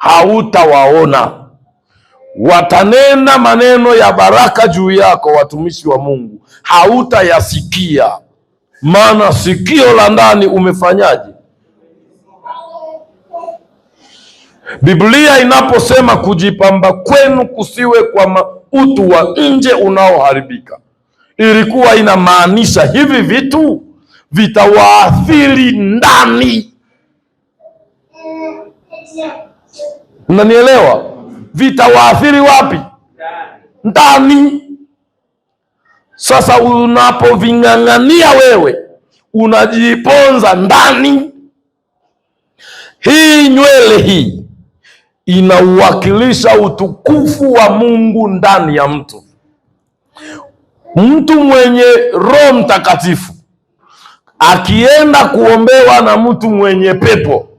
hautawaona. Watanena maneno ya baraka juu yako, watumishi wa Mungu, hautayasikia maana sikio la ndani umefanyaje? Biblia inaposema kujipamba kwenu kusiwe kwa utu wa nje unaoharibika, ilikuwa inamaanisha hivi vitu vitawaathiri ndani Mnanielewa? Vitawaathiri wapi? Ndani. Sasa unapoving'ang'ania wewe unajiponza ndani. Hii nywele hii inauwakilisha utukufu wa Mungu ndani ya mtu. Mtu mwenye Roho Mtakatifu akienda kuombewa na mtu mwenye pepo